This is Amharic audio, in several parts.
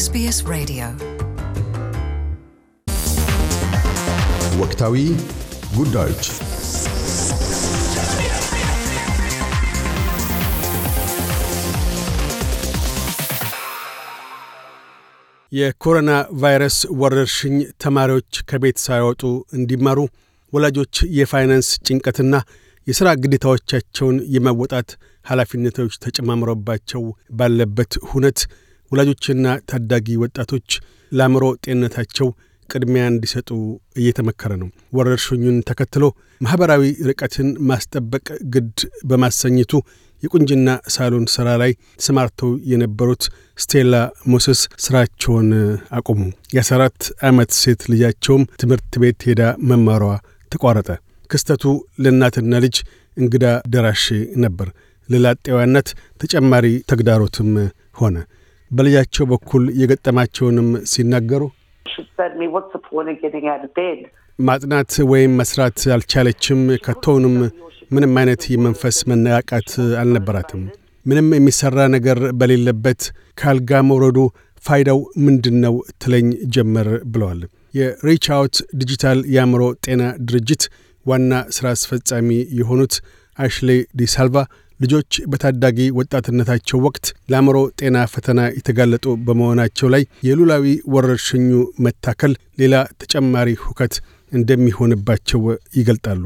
ኤስቢኤስ ሬዲዮ ወቅታዊ ጉዳዮች የኮሮና ቫይረስ ወረርሽኝ ተማሪዎች ከቤት ሳይወጡ እንዲማሩ ወላጆች የፋይናንስ ጭንቀትና የሥራ ግዴታዎቻቸውን የመወጣት ኃላፊነቶች ተጨማምሮባቸው ባለበት ሁነት ወላጆችና ታዳጊ ወጣቶች ለአእምሮ ጤንነታቸው ቅድሚያ እንዲሰጡ እየተመከረ ነው። ወረርሽኙን ተከትሎ ማኅበራዊ ርቀትን ማስጠበቅ ግድ በማሰኘቱ የቁንጅና ሳሎን ሥራ ላይ ተሰማርተው የነበሩት ስቴላ ሞስስ ሥራቸውን አቆሙ። የ14 ዓመት ሴት ልጃቸውም ትምህርት ቤት ሄዳ መማሯ ተቋረጠ። ክስተቱ ለእናትና ልጅ እንግዳ ደራሽ ነበር። ለላጤዋ እናት ተጨማሪ ተግዳሮትም ሆነ። በልጃቸው በኩል የገጠማቸውንም ሲናገሩ ማጥናት ወይም መስራት አልቻለችም። ከቶውንም ምንም አይነት የመንፈስ መነቃቃት አልነበራትም። ምንም የሚሠራ ነገር በሌለበት ካልጋ መውረዱ ፋይዳው ምንድን ነው ትለኝ ጀመር ብለዋል። የሪች አውት ዲጂታል የአእምሮ ጤና ድርጅት ዋና ሥራ አስፈጻሚ የሆኑት አሽሌ ዲሳልቫ ልጆች በታዳጊ ወጣትነታቸው ወቅት ለአእምሮ ጤና ፈተና የተጋለጡ በመሆናቸው ላይ የሉላዊ ወረርሽኙ መታከል ሌላ ተጨማሪ ሁከት እንደሚሆንባቸው ይገልጣሉ።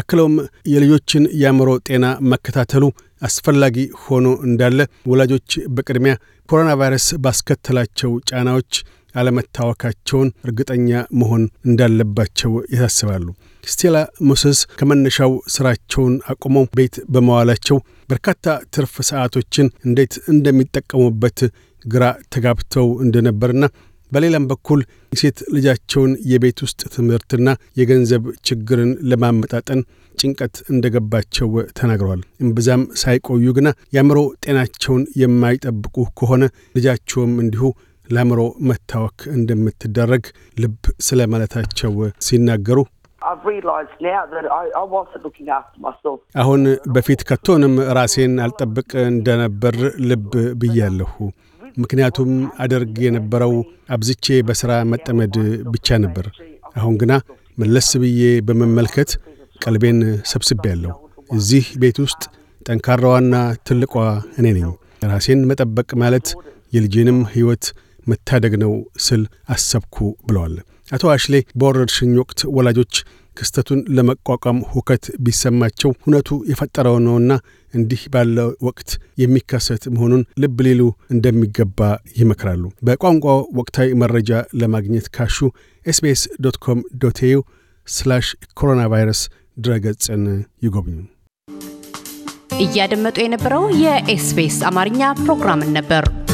አክለውም የልጆችን የአእምሮ ጤና መከታተሉ አስፈላጊ ሆኖ እንዳለ ወላጆች በቅድሚያ ኮሮና ቫይረስ ባስከተላቸው ጫናዎች አለመታወካቸውን እርግጠኛ መሆን እንዳለባቸው ያሳስባሉ። ስቴላ ሞሰስ ከመነሻው ስራቸውን አቁመው ቤት በመዋላቸው በርካታ ትርፍ ሰዓቶችን እንዴት እንደሚጠቀሙበት ግራ ተጋብተው እንደነበርና በሌላም በኩል የሴት ልጃቸውን የቤት ውስጥ ትምህርትና የገንዘብ ችግርን ለማመጣጠን ጭንቀት እንደገባቸው ተናግረዋል። እምብዛም ሳይቆዩ ግና የአእምሮ ጤናቸውን የማይጠብቁ ከሆነ ልጃቸውም እንዲሁ ለአእምሮ መታወክ እንደምትደረግ ልብ ስለ ማለታቸው ሲናገሩ አሁን በፊት ከቶንም ራሴን አልጠብቅ እንደነበር ልብ ብያለሁ። ምክንያቱም አደርግ የነበረው አብዝቼ በሥራ መጠመድ ብቻ ነበር። አሁን ግና መለስ ብዬ በመመልከት ቀልቤን ሰብስቤያለሁ። እዚህ ቤት ውስጥ ጠንካራዋና ትልቋ እኔ ነኝ። ራሴን መጠበቅ ማለት የልጄንም ሕይወት መታደግ ነው ስል አሰብኩ ብለዋል። አቶ አሽሌ በወረርሽኝ ወቅት ወላጆች ክስተቱን ለመቋቋም ሁከት ቢሰማቸው ሁነቱ የፈጠረው ነውና እንዲህ ባለ ወቅት የሚከሰት መሆኑን ልብ ሊሉ እንደሚገባ ይመክራሉ። በቋንቋ ወቅታዊ መረጃ ለማግኘት ካሹ ኤስቢኤስ ዶት ኮም ዶት ኤዩ ስላሽ ኮሮና ቫይረስ ድረገጽን ይጎብኙ። እያደመጡ የነበረው የኤስቢኤስ አማርኛ ፕሮግራምን ነበር።